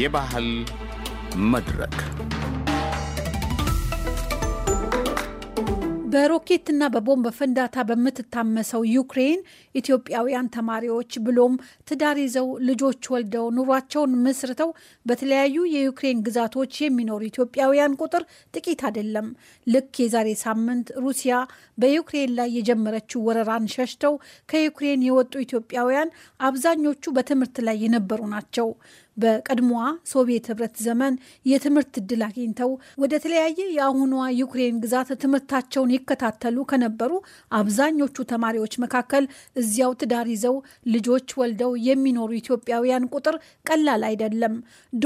የባህል መድረክ በሮኬትና በቦምብ ፍንዳታ በምትታመሰው ዩክሬን ኢትዮጵያውያን ተማሪዎች ብሎም ትዳር ይዘው ልጆች ወልደው ኑሯቸውን መስርተው በተለያዩ የዩክሬን ግዛቶች የሚኖሩ ኢትዮጵያውያን ቁጥር ጥቂት አይደለም። ልክ የዛሬ ሳምንት ሩሲያ በዩክሬን ላይ የጀመረችው ወረራን ሸሽተው ከዩክሬን የወጡ ኢትዮጵያውያን አብዛኞቹ በትምህርት ላይ የነበሩ ናቸው። በቀድሞዋ ሶቪየት ህብረት ዘመን የትምህርት እድል አግኝተው ወደ ተለያየ የአሁኗ ዩክሬን ግዛት ትምህርታቸውን ይከታተሉ ከነበሩ አብዛኞቹ ተማሪዎች መካከል እዚያው ትዳር ይዘው ልጆች ወልደው የሚኖሩ ኢትዮጵያውያን ቁጥር ቀላል አይደለም።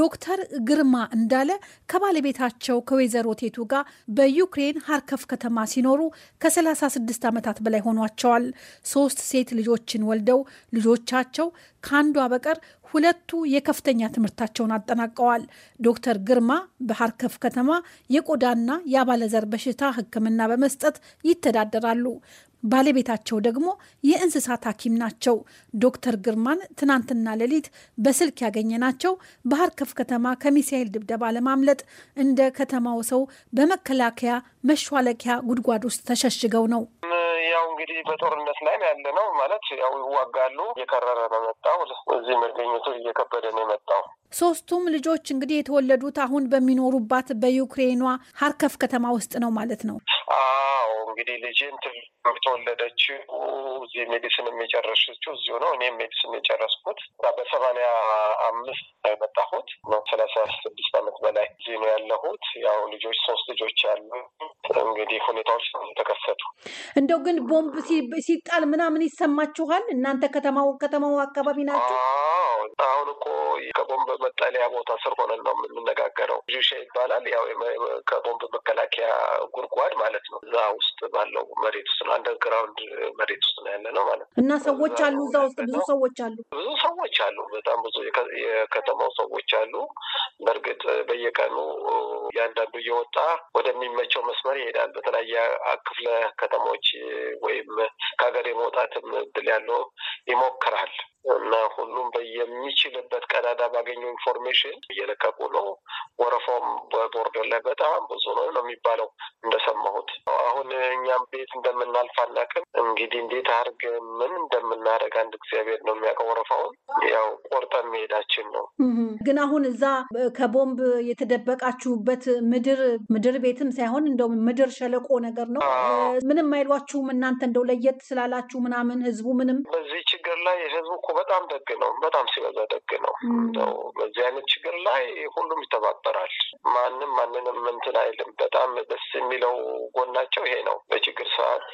ዶክተር ግርማ እንዳለ ከባለቤታቸው ከወይዘሮ ቴቱ ጋር በዩክሬን ሀርከፍ ከተማ ሲኖሩ ከ36 ዓመታት በላይ ሆኗቸዋል። ሶስት ሴት ልጆችን ወልደው ልጆቻቸው ከአንዷ በቀር ሁለቱ የከፍተኛ ከፍተኛ ትምህርታቸውን አጠናቀዋል። ዶክተር ግርማ በሀርከፍ ከተማ የቆዳና የአባለዘር በሽታ ሕክምና በመስጠት ይተዳደራሉ። ባለቤታቸው ደግሞ የእንስሳት ሐኪም ናቸው። ዶክተር ግርማን ትናንትና ሌሊት በስልክ ያገኘናቸው ከፍ ከተማ ከሚሳኤል ድብደባ ለማምለጥ እንደ ከተማው ሰው በመከላከያ መሿለኪያ ጉድጓድ ውስጥ ተሸሽገው ነው። ያው እንግዲህ በጦርነት ላይ ያለ ነው ማለት ያው ይዋጋሉ። እየከረረ ነው መጣው እዚህ መገኘቱ እየከበደ ነው የመጣው። ሶስቱም ልጆች እንግዲህ የተወለዱት አሁን በሚኖሩባት በዩክሬኗ ሀርከፍ ከተማ ውስጥ ነው ማለት ነው። አዎ እንግዲህ ልጅን የተወለደችው እዚህ ሜዲሲን የጨረሰችው እዚሁ ነው። እኔም ሜዲሲን የጨረስኩት በሰማንያ አምስት የመጣሁት ሰላሳ ስድስት አመት በላይ እዚህ ነው ያለሁት። ያው ልጆች ሶስት ልጆች ያሉ እንግዲህ ሁኔታዎች ተከሰቱ። እንደው ግን ቦምብ ሲጣል ምናምን ይሰማችኋል? እናንተ ከተማው ከተማው አካባቢ ናቸው። አሁን እኮ ከቦምብ መጠለያ ቦታ ስር ሆነን ነው የምንነጋገረው። ዩሻ ይባላል። ያው ከቦምብ መከላከያ ጉድጓድ ማለት ነው። እዛ ውስጥ ባለው መሬት ውስጥ ነው፣ አንደርግራውንድ መሬት ውስጥ ነው ያለ ነው ማለት ነው። እና ሰዎች አሉ እዛ ውስጥ ብዙ ሰዎች አሉ፣ ብዙ ሰዎች አሉ፣ በጣም ብዙ የከተማው ሰዎች አሉ። በእርግጥ በየቀኑ እያንዳንዱ እየወጣ ወደሚመቸው መስመር ይሄዳል። በተለያየ ክፍለ ከተሞች ወይም ከሀገር የመውጣትም እድል ያለው ይሞክራል እና ሁሉም በየሚችልበት ቀዳዳ ከካናዳ ባገኘው ኢንፎርሜሽን እየለቀቁ ነው። ወረፋውም በቦርደር ላይ በጣም ብዙ ነው ነው የሚባለው እንደሰማሁት። አሁን እኛም ቤት እንደምናልፍ አናውቅም። እንግዲህ እንዴት አርገ ምን እንደምናደርግ አንድ እግዚአብሔር ነው የሚያውቀው። ወረፋውን ያው ቆርጠን መሄዳችን ነው። ግን አሁን እዛ ከቦምብ የተደበቃችሁበት ምድር ምድር ቤትም ሳይሆን እንደው ምድር ሸለቆ ነገር ነው። ምንም አይሏችሁም እናንተ እንደው ለየት ስላላችሁ ምናምን ህዝቡ ምንም በዚህ ችግር ላይ ህዝቡ በጣም ደግ ነው። በጣም ሲበዛ ደግ ነው። እንደው በዚህ አይነት ችግር ላይ ሁሉም ይተባበራል። ማንም ማንንም እንትን አይልም። በጣም ደስ የሚለው ጎናቸው ይሄ ነው። በችግር ሰዓት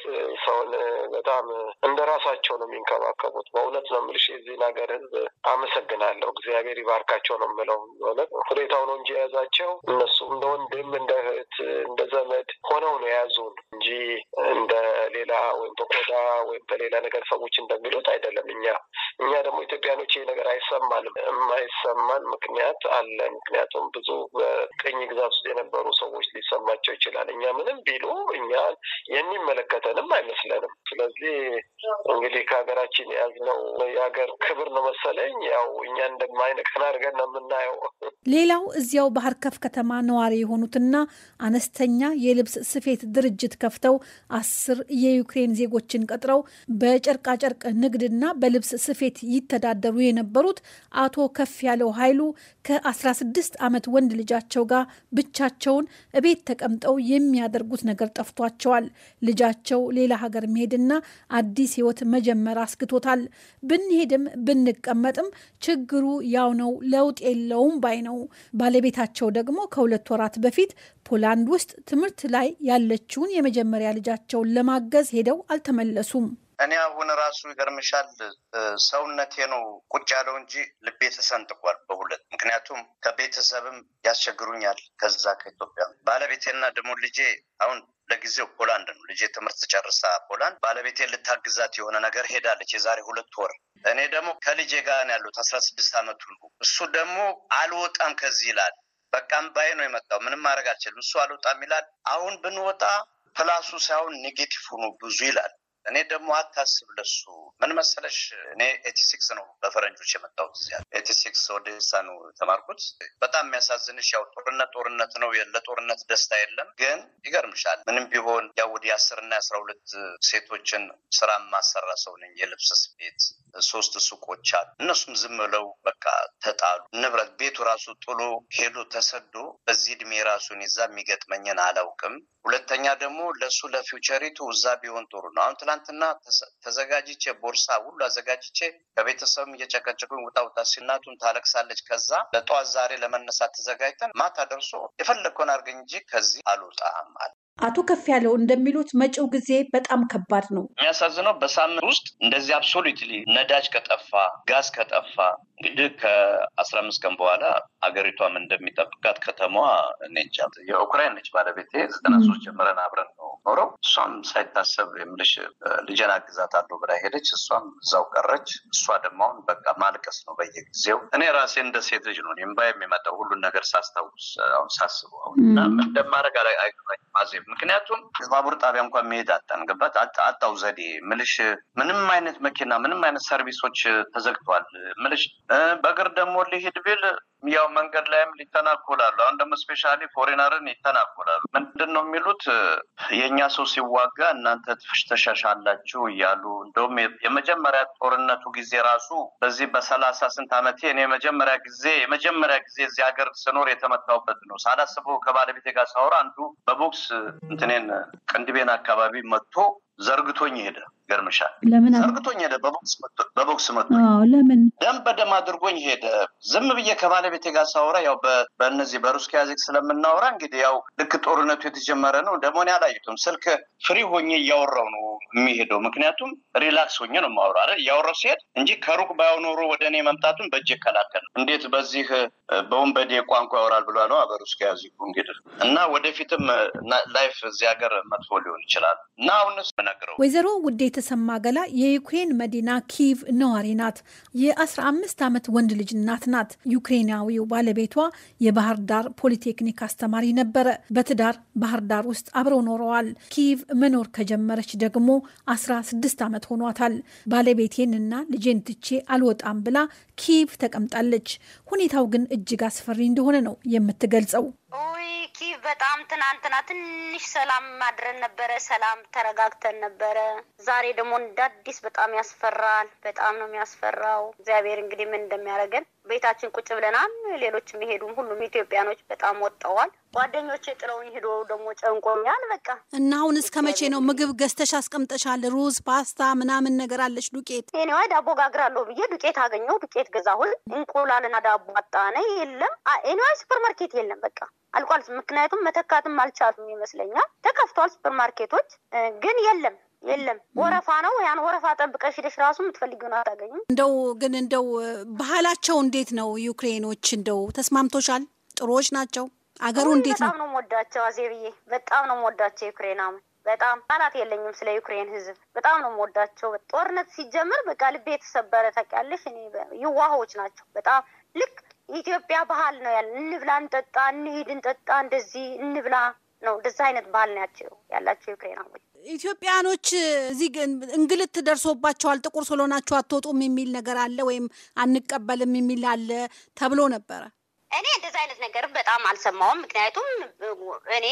ሰውን በጣም እንደ ራሳቸው ነው የሚንከባከቡት። በእውነት ነው የምልሽ የዚህን ሀገር ህዝብ አመሰግናለሁ። እግዚአብሔር ይባርካቸው ነው የምለው። በእውነት ሁኔታው ነው እንጂ የያዛቸው እነሱ እንደ ወንድም፣ እንደ እህት፣ እንደ ዘመድ ሆነው ነው የያዙን እንጂ እንደ ሌላ ወይም በቆዳ ወይም በሌላ ነገር ሰዎች እንደሚሉት አይደለም እኛ እኛ ደግሞ ኢትዮጵያኖች ይህ ነገር አይሰማንም። የማይሰማን ምክንያት አለ። ምክንያቱም ብዙ በቅኝ ግዛት ውስጥ የነበሩ ሰዎች ሊሰማቸው ይችላል። እኛ ምንም ቢሉ እኛ የሚመለከተንም አይመስለንም። ስለዚህ እንግዲህ ከሀገራችን የያዝነው የሀገር ክብር ነው መሰለኝ ያው እኛ እንደማይነቀን አድርገን ነው የምናየው። ሌላው እዚያው ባህር ከፍ ከተማ ነዋሪ የሆኑትና አነስተኛ የልብስ ስፌት ድርጅት ከፍተው አስር የዩክሬን ዜጎችን ቀጥረው በጨርቃጨርቅ ንግድና በልብስ ስፌት ቤት ይተዳደሩ የነበሩት አቶ ከፍ ያለው ኃይሉ ከ16 ዓመት ወንድ ልጃቸው ጋር ብቻቸውን እቤት ተቀምጠው የሚያደርጉት ነገር ጠፍቷቸዋል። ልጃቸው ሌላ ሀገር መሄድና አዲስ ህይወት መጀመር አስግቶታል። ብንሄድም ብንቀመጥም ችግሩ ያው ነው፣ ለውጥ የለውም ባይ ነው። ባለቤታቸው ደግሞ ከሁለት ወራት በፊት ፖላንድ ውስጥ ትምህርት ላይ ያለችውን የመጀመሪያ ልጃቸውን ለማገዝ ሄደው አልተመለሱም። እኔ አሁን ራሱ ይገርምሻል ሰውነቴ ነው ቁጭ ያለው እንጂ ልቤ ተሰንጥቋል በሁለት ምክንያቱም ከቤተሰብም ያስቸግሩኛል ከዛ ከኢትዮጵያ ባለቤቴና ደግሞ ልጄ አሁን ለጊዜው ፖላንድ ነው ልጄ ትምህርት ጨርሳ ፖላንድ ባለቤቴ ልታግዛት የሆነ ነገር ሄዳለች የዛሬ ሁለት ወር እኔ ደግሞ ከልጄ ጋር ነው ያሉት አስራ ስድስት አመት ሁሉ እሱ ደግሞ አልወጣም ከዚህ ይላል በቃም ባይ ነው የመጣው ምንም ማድረግ አልችልም እሱ አልወጣም ይላል አሁን ብንወጣ ፕላሱ ሳይሆን ኔጌቲቭ ሆኖ ብዙ ይላል እኔ ደግሞ አታስብ ለሱ ምን መሰለሽ፣ እኔ ኤቲ ሲክስ ነው በፈረንጆች የመጣው ዚያ ኤቲ ሲክስ ወደ ሳ ነው የተማርኩት። በጣም የሚያሳዝንሽ ያው ጦርነት ጦርነት ነው፣ ለጦርነት ደስታ የለም። ግን ይገርምሻል ምንም ቢሆን ያው ወደ አስርና የአስራ ሁለት ሴቶችን ስራ ማሰራ ሰው ነኝ የልብስ ስፌት ሶስት ሱቆች አሉ። እነሱም ዝም ብለው በቃ ተጣሉ። ንብረት ቤቱ ራሱ ጥሎ ሄዶ ተሰዶ በዚህ እድሜ ራሱን ይዛ የሚገጥመኝን አላውቅም። ሁለተኛ ደግሞ ለእሱ ለፊውቸሪቱ እዛ ቢሆን ጥሩ ነው። አሁን ትላንትና ተዘጋጅቼ ቦርሳ ሁሉ አዘጋጅቼ ከቤተሰብም እየጨቀጨቁኝ ውጣ ውጣ ሲናቱን ታለቅሳለች። ከዛ ለጠዋት ዛሬ ለመነሳት ተዘጋጅተን ማታ ደርሶ የፈለግከውን አድርገኝ እንጂ ከዚህ አልወጣም አለ። አቶ ከፍ ያለው እንደሚሉት መጪው ጊዜ በጣም ከባድ ነው። የሚያሳዝነው በሳምንት ውስጥ እንደዚህ አብሶሉትሊ ነዳጅ ከጠፋ ጋዝ ከጠፋ እንግዲህ ከአስራ አምስት ቀን በኋላ አገሪቷም እንደሚጠብቃት ከተማዋ እኔ እንጃ የኡክራይን ነች ባለቤቴ ዘጠና ሶስት ጀምረን አብረን ነው ኖረው እሷም ሳይታሰብ የምልሽ ልጄን አግዛታለሁ ብላ ሄደች። እሷም እዛው ቀረች። እሷ ደግሞ አሁን በቃ ማልቀስ ነው በየጊዜው። እኔ ራሴ እንደ ሴት ልጅ ነው እምባ የሚመጣው ሁሉን ነገር ሳስታውስ፣ አሁን ሳስበው አሁን እና እንደማደርግ አይገባኝም ማዜብ። ምክንያቱም ባቡር ጣቢያ እንኳን መሄድ አጠንግበት አጣው ዘዴ ምልሽ ምንም አይነት መኪና ምንም አይነት ሰርቪሶች ተዘግተዋል ምልሽ። በእግር ደግሞ ሊሄድ ቢል ያው መንገድ ላይም ሊተናኮላሉ። አሁን ደግሞ ስፔሻሊ ፎሬነርን ይተናኮላሉ። ምንድን ነው የሚሉት የእኛ ሰው ሲዋጋ እናንተ ትሸሻላችሁ እያሉ እንደውም የመጀመሪያ ጦርነቱ ጊዜ ራሱ በዚህ በሰላሳ ስንት ዓመቴ እኔ የመጀመሪያ ጊዜ የመጀመሪያ ጊዜ እዚህ ሀገር ስኖር የተመታውበት ነው። ሳላስበው ከባለቤቴ ጋር ሳወራ አንዱ በቦክስ እንትኔን ቅንድቤን አካባቢ መጥቶ ዘርግቶኝ ሄደ። ገርምሻል። ሰርግቶኝ ሄደ፣ በቦክስ መቶኝ። ለምን ደም በደም አድርጎኝ ሄደ። ዝም ብዬ ከባለቤቴ ጋር ሳወራ ያው በእነዚህ በሩስ ያዜክ ስለምናወራ እንግዲህ ያው ልክ ጦርነቱ የተጀመረ ነው። ደግሞ እኔ አላየሁትም። ስልክ ፍሪ ሆኜ እያወራው ነው የሚሄደው። ምክንያቱም ሪላክስ ሆኜ ነው የማወራ አይደል? እያወራው ሲሄድ እንጂ ከሩቅ ባይሆን ኖሮ ወደ እኔ መምጣቱን በእጅ ይከላከል። ነው። እንዴት በዚህ በወንበዴ ቋንቋ ያወራል ብሏ ነው በሩስኪ ያዜኩ እንግዲህ እና ወደፊትም ላይፍ እዚህ ሀገር መጥፎ ሊሆን ይችላል እና አሁን ነግረው ወይዘሮ ውዴት የተሰማ ገላ የዩክሬን መዲና ኪቭ ነዋሪ ናት። የ15 ዓመት ወንድ ልጅ እናት ናት። ዩክሬናዊው ባለቤቷ የባህር ዳር ፖሊቴክኒክ አስተማሪ ነበረ። በትዳር ባህር ዳር ውስጥ አብረው ኖረዋል። ኪቭ መኖር ከጀመረች ደግሞ 16 ዓመት ሆኗታል። ባለቤቴንና ልጄን ትቼ አልወጣም ብላ ኪቭ ተቀምጣለች። ሁኔታው ግን እጅግ አስፈሪ እንደሆነ ነው የምትገልጸው። ውይ ኪ በጣም ትናንትና ትንሽ ሰላም ማድረን ነበረ። ሰላም ተረጋግተን ነበረ። ዛሬ ደግሞ እንደ አዲስ በጣም ያስፈራል። በጣም ነው የሚያስፈራው። እግዚአብሔር እንግዲህ ምን እንደሚያደርገን ቤታችን ቁጭ ብለናል። ሌሎች የሚሄዱም ሁሉም ኢትዮጵያኖች በጣም ወጥተዋል። ጓደኞቼ ጥለውኝ ሄዶ ደግሞ ጨንቆኛል። በቃ እና አሁን እስከ መቼ ነው ምግብ ገዝተሽ አስቀምጠሻል? ሩዝ፣ ፓስታ ምናምን ነገር አለች። ዱቄት ኔዋ ዳቦ ጋግራለሁ ብዬ ዱቄት አገኘው ዱቄት ገዛሁኝ። እንቁላልና ዳቦ አጣነ የለም። ኔ ሱፐር ማርኬት የለም በቃ አልቋል። ምክንያቱም መተካትም አልቻሉም ይመስለኛል። ተከፍቷል ሱፐር ማርኬቶች ግን የለም የለም ወረፋ ነው። ያን ወረፋ ጠብቀሽ ሄደሽ ራሱ የምትፈልጊውን አታገኝም። እንደው ግን እንደው ባህላቸው እንዴት ነው? ዩክሬኖች እንደው ተስማምቶሻል? ጥሩዎች ናቸው። አገሩ እንዴት ነው? በጣም ነው የምወዳቸው አዜብዬ፣ በጣም ነው የምወዳቸው ዩክሬናም በጣም ቃላት የለኝም ስለ ዩክሬን ህዝብ በጣም ነው የምወዳቸው። ጦርነት ሲጀምር በቃ ልቤ የተሰበረ ታውቂያለሽ። እኔ ይዋሆች ናቸው በጣም ልክ የኢትዮጵያ ባህል ነው ያለ እንብላ፣ እንጠጣ፣ እንሂድ፣ እንጠጣ፣ እንደዚህ እንብላ ነው እንደዚህ አይነት ባህል ነው ያላቸው ዩክሬናዎች ኢትዮጵያኖች እዚህ እንግልት ደርሶባቸዋል፣ ጥቁር ስለሆናችሁ አትወጡም የሚል ነገር አለ ወይም አንቀበልም የሚል አለ ተብሎ ነበረ። እኔ እንደዚህ አይነት ነገር በጣም አልሰማውም። ምክንያቱም እኔ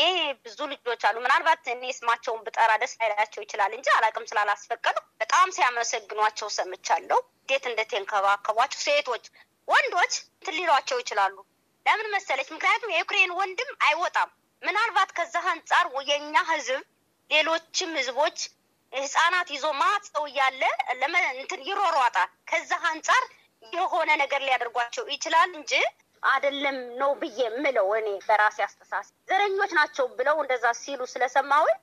ብዙ ልጆች አሉ፣ ምናልባት እኔ ስማቸውን ብጠራ ደስ ላይላቸው ይችላል እንጂ አላቅም ስላላስፈቀዱ በጣም ሲያመሰግኗቸው ሰምቻለሁ። እንዴት እንደተንከባከቧቸው ሴቶች፣ ወንዶች ትሊሏቸው ይችላሉ። ለምን መሰለች? ምክንያቱም የዩክሬን ወንድም አይወጣም። ምናልባት ከዛ አንጻር የእኛ ህዝብ ሌሎችም ህዝቦች ህጻናት ይዞ ማጸው እያለ እንትን ይሮሯጣል። ከዛ አንጻር የሆነ ነገር ሊያደርጓቸው ይችላል እንጂ አይደለም ነው ብዬ የምለው እኔ በራሴ አስተሳሰብ ዘረኞች ናቸው ብለው እንደዛ ሲሉ ስለሰማሁኝ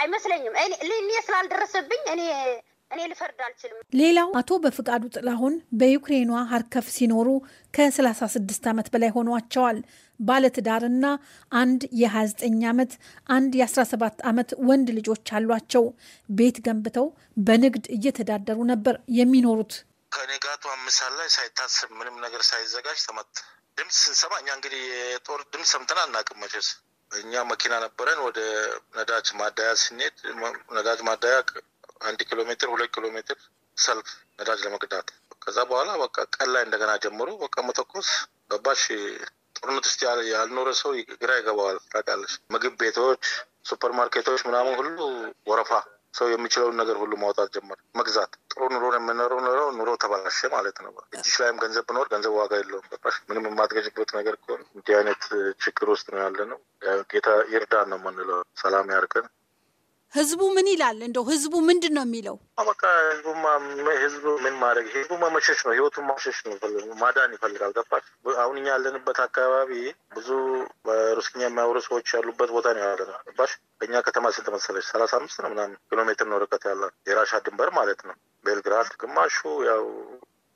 አይመስለኝም እኔ ስላልደረሰብኝ እኔ እኔ ልፈርድ አልችልም። ሌላው አቶ በፍቃዱ ጥላሁን በዩክሬኗ ሀርከፍ ሲኖሩ ከ36 ዓመት በላይ ሆኗቸዋል። ባለትዳርና አንድ የ29 ዓመት አንድ የ17 ዓመት ወንድ ልጆች አሏቸው። ቤት ገንብተው በንግድ እየተዳደሩ ነበር የሚኖሩት። ከንጋቱ አምስት ሰዓት ላይ ሳይታሰብ ምንም ነገር ሳይዘጋጅ ተመታ። ድምፅ ስንሰማ እኛ እንግዲህ የጦር ድምፅ ሰምተን አናውቅም መቼስ እኛ መኪና ነበረን። ወደ ነዳጅ ማደያ ስንሄድ ነዳጅ ማደያ አንድ ኪሎ ሜትር ሁለት ኪሎ ሜትር ሰልፍ ነዳጅ ለመቅዳት ከዛ በኋላ በቃ ቀን ላይ እንደገና ጀምሮ በቃ መተኮስ በባሽ ጦርነት ውስጥ ያልኖረ ሰው ግራ ይገባዋል። ታውቃለሽ፣ ምግብ ቤቶች፣ ሱፐር ማርኬቶች ምናምን ሁሉ ወረፋ፣ ሰው የሚችለውን ነገር ሁሉ ማውጣት ጀመር፣ መግዛት። ጥሩ ኑሮ የምኖረው ኑሮ ኑሮ ተበላሸ ማለት ነው። እጅሽ ላይም ገንዘብ ብኖር ገንዘብ ዋጋ የለውም። ገባሽ፣ ምንም የማትገዥበት ነገር ከሆነ እንዲህ አይነት ችግር ውስጥ ነው ያለ ነው። ጌታ ይርዳን ነው የምንለው። ሰላም ያርገን። ህዝቡ ምን ይላል? እንደው ህዝቡ ምንድን ነው የሚለው? በቃ ህዝቡማ ህዝቡ ምን ማድረግ ህዝቡማ መሸሽ ነው፣ ህይወቱን ማሸሽ ነው፣ ማዳን ይፈልጋል። ገባሽ? አሁን እኛ ያለንበት አካባቢ ብዙ ሩስኛ የሚያወሩ ሰዎች ያሉበት ቦታ ነው ያለ ነው። ገባሽ? ከተማ ስንት መሰለሽ? ሰላሳ አምስት ነው ምናምን ኪሎ ሜትር ነው ርቀት ያለ የራሻ ድንበር ማለት ነው። ቤልግራድ ግማሹ ያው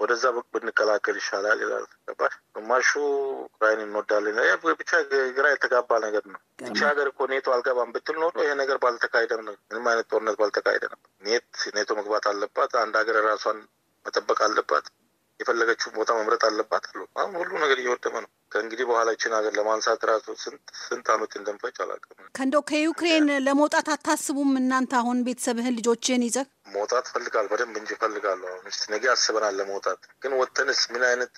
ወደዛ ብንቀላቀል ይሻላል ይላል። ገባሽ? ግማሹ ራይን እንወዳለን። ብቻ ግራ የተጋባ ነገር ነው። እቺ ሀገር እኮ ኔቶ አልገባም ብትል ኖሮ ይሄ ነገር ባልተካሄደም ነው። ምንም አይነት ጦርነት ባልተካሄደ ነበር። ኔት ኔቶ መግባት አለባት። አንድ ሀገር ራሷን መጠበቅ አለባት። የፈለገችውን ቦታ መምረጥ አለባት አሉ። አሁን ሁሉ ነገር እየወደመ ነው። ከእንግዲህ በኋላ ይችን ሀገር ለማንሳት ራሱ ስንት አመት እንደምፈጅ አላውቅም። ከእንደው ከዩክሬን ለመውጣት አታስቡም እናንተ? አሁን ቤተሰብህን ልጆችህን ይዘህ መውጣት ፈልጋል በደንብ እንጂ ፈልጋለሁ። አሁን እስኪ ነገ አስበናል ለመውጣት። ግን ወተንስ ምን አይነት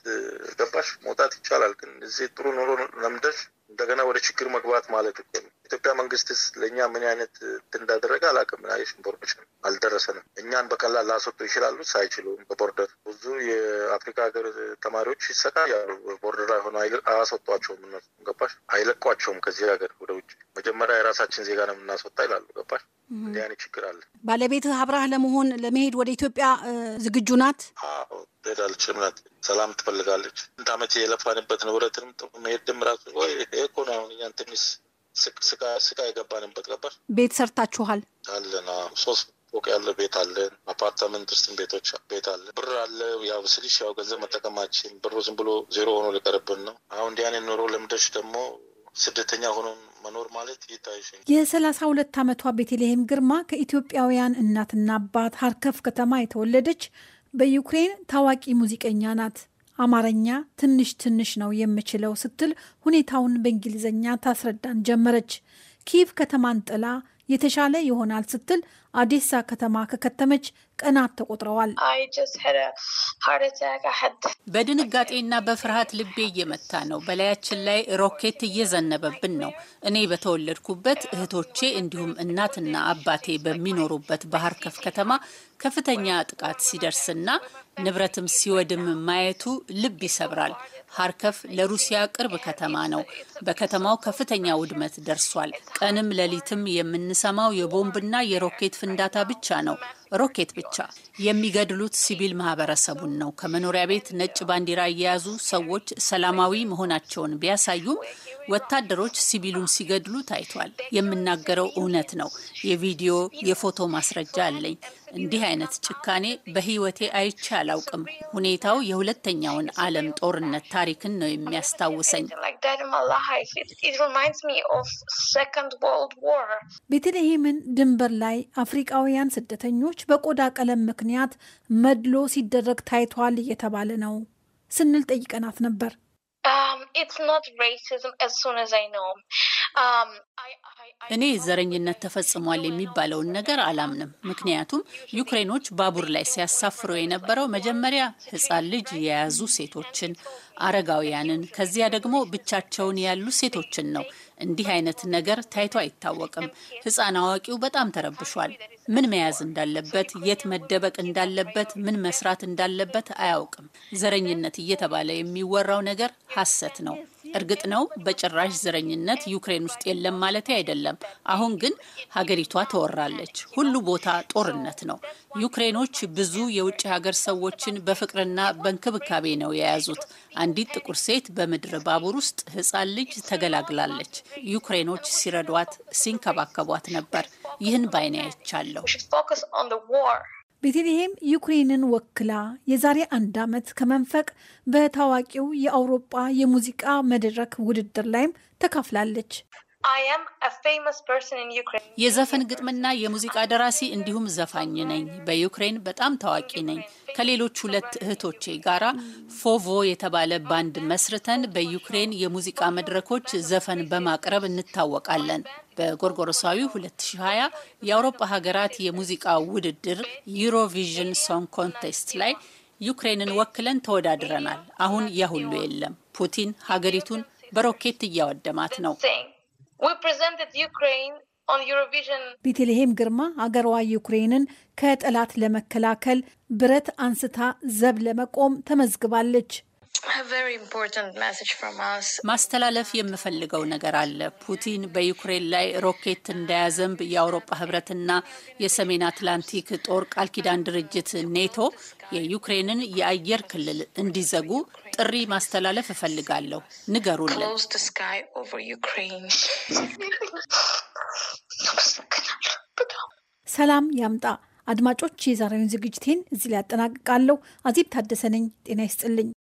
ገባሽ? መውጣት ይቻላል፣ ግን እዚህ ጥሩ ኑሮ ለምደሽ እንደገና ወደ ችግር መግባት ማለት እኮ ኢትዮጵያ መንግስትስ ለእኛ ምን አይነት እንዳደረገ አላቅም ናይስ ኢንፎርሜሽን አልደረሰንም። እኛን በቀላል ላስወጡ ይችላሉ። አይችሉም። በቦርደር ብዙ የአፍሪካ ሀገር ተማሪዎች ይሰቃያሉ። ቦርደር ላይ ሆነ አያስወጧቸውም። እነሱ ገባሽ አይለቋቸውም ከዚህ ሀገር ወደ ውጭ። መጀመሪያ የራሳችን ዜጋ ነው የምናስወጣ ይላሉ። ገባሽ እንዲህ አይነት ችግር አለ። ባለቤትህ አብራህ ለመሆን ለመሄድ ወደ ኢትዮጵያ ዝግጁ ናት? ትሄዳለች። እምነት ሰላም ትፈልጋለች። ስንት ዓመት የለፋንበት ንብረትንም መሄድ ድምራት ወይ እኮ ነው አሁን እኛን ትንሽ ስቃ የገባንበት ነበር። ቤት ሰርታችኋል አለን ሶስት ፎቅ ያለ ቤት አለን። አፓርታመንት ውስጥም ቤቶች ቤት አለ። ብር አለ ያው ስልሽ ያው ገንዘብ መጠቀማችን ብሩ ዝም ብሎ ዜሮ ሆኖ ሊቀርብን ነው። አሁን እንዲህ አይነት ኑሮ ለምደሽ ደግሞ ስደተኛ ሆኖ መኖር ማለት ይታይሽ። የሰላሳ ሁለት ዓመቷ ቤተልሔም ግርማ ከኢትዮጵያውያን እናትና አባት ሀርከፍ ከተማ የተወለደች በዩክሬን ታዋቂ ሙዚቀኛ ናት። አማርኛ ትንሽ ትንሽ ነው የምችለው ስትል ሁኔታውን በእንግሊዝኛ ታስረዳን ጀመረች። ኪቭ ከተማን ጥላ የተሻለ ይሆናል ስትል አዲሳ ከተማ ከከተመች ቀናት ተቆጥረዋል። በድንጋጤና በፍርሃት ልቤ እየመታ ነው። በላያችን ላይ ሮኬት እየዘነበብን ነው። እኔ በተወለድኩበት እህቶቼ፣ እንዲሁም እናትና አባቴ በሚኖሩበት ባህርከፍ ከተማ ከፍተኛ ጥቃት ሲደርስና ንብረትም ሲወድም ማየቱ ልብ ይሰብራል። ሀርከፍ ለሩሲያ ቅርብ ከተማ ነው። በከተማው ከፍተኛ ውድመት ደርሷል። ቀንም ሌሊትም የምንሰማው የቦምብና የሮኬት ፍንዳታ ብቻ ነው። ሮኬት ብቻ። የሚገድሉት ሲቪል ማህበረሰቡን ነው። ከመኖሪያ ቤት ነጭ ባንዲራ እየያዙ ሰዎች ሰላማዊ መሆናቸውን ቢያሳዩም ወታደሮች ሲቪሉን ሲገድሉ ታይቷል። የምናገረው እውነት ነው። የቪዲዮ የፎቶ ማስረጃ አለኝ። እንዲህ አይነት ጭካኔ በህይወቴ አይቼ አላውቅም። ሁኔታው የሁለተኛውን ዓለም ጦርነት ታሪክን ነው የሚያስታውሰኝ። ቤተልሔምን ድንበር ላይ አፍሪቃውያን ስደተኞች በቆዳ ቀለም ምክንያት መድሎ ሲደረግ ታይቷል እየተባለ ነው ስንል ጠይቀናት ነበር። um, Um, እኔ ዘረኝነት ተፈጽሟል የሚባለውን ነገር አላምንም። ምክንያቱም ዩክሬኖች ባቡር ላይ ሲያሳፍረው የነበረው መጀመሪያ ሕፃን ልጅ የያዙ ሴቶችን፣ አረጋውያንን፣ ከዚያ ደግሞ ብቻቸውን ያሉ ሴቶችን ነው። እንዲህ አይነት ነገር ታይቶ አይታወቅም። ሕፃን አዋቂው በጣም ተረብሿል። ምን መያዝ እንዳለበት፣ የት መደበቅ እንዳለበት፣ ምን መስራት እንዳለበት አያውቅም። ዘረኝነት እየተባለ የሚወራው ነገር ሐሰት ነው። እርግጥ ነው በጭራሽ ዘረኝነት ዩክሬን ውስጥ የለም ማለት አይደለም። አሁን ግን ሀገሪቷ ተወራለች። ሁሉ ቦታ ጦርነት ነው። ዩክሬኖች ብዙ የውጭ ሀገር ሰዎችን በፍቅርና በእንክብካቤ ነው የያዙት። አንዲት ጥቁር ሴት በምድር ባቡር ውስጥ ሕፃን ልጅ ተገላግላለች። ዩክሬኖች ሲረዷት፣ ሲንከባከቧት ነበር። ይህን ባይን አይቻለሁ። ቤተልሔም ዩክሬንን ወክላ የዛሬ አንድ ዓመት ከመንፈቅ በታዋቂው የአውሮጳ የሙዚቃ መድረክ ውድድር ላይም ተካፍላለች። የዘፈን ግጥምና የሙዚቃ ደራሲ እንዲሁም ዘፋኝ ነኝ። በዩክሬን በጣም ታዋቂ ነኝ። ከሌሎች ሁለት እህቶቼ ጋራ ፎቮ የተባለ ባንድ መስርተን በዩክሬን የሙዚቃ መድረኮች ዘፈን በማቅረብ እንታወቃለን። በጎርጎሮሳዊ 2020 የአውሮፓ ሀገራት የሙዚቃ ውድድር ዩሮቪዥን ሶንግ ኮንቴስት ላይ ዩክሬንን ወክለን ተወዳድረናል። አሁን ያ ሁሉ የለም። ፑቲን ሀገሪቱን በሮኬት እያወደማት ነው። ቤተልሔም ግርማ አገሯ ዩክሬንን ከጠላት ለመከላከል ብረት አንስታ ዘብ ለመቆም ተመዝግባለች። ማስተላለፍ የምፈልገው ነገር አለ። ፑቲን በዩክሬን ላይ ሮኬት እንዳያዘንብ የአውሮፓ ህብረትና የሰሜን አትላንቲክ ጦር ቃል ኪዳን ድርጅት ኔቶ የዩክሬንን የአየር ክልል እንዲዘጉ ጥሪ ማስተላለፍ እፈልጋለሁ። ንገሩልን። ሰላም ያምጣ። አድማጮች፣ የዛሬውን ዝግጅቴን እዚህ ላይ ያጠናቅቃለሁ። አዜብ ታደሰ ነኝ። ጤና ይስጥልኝ።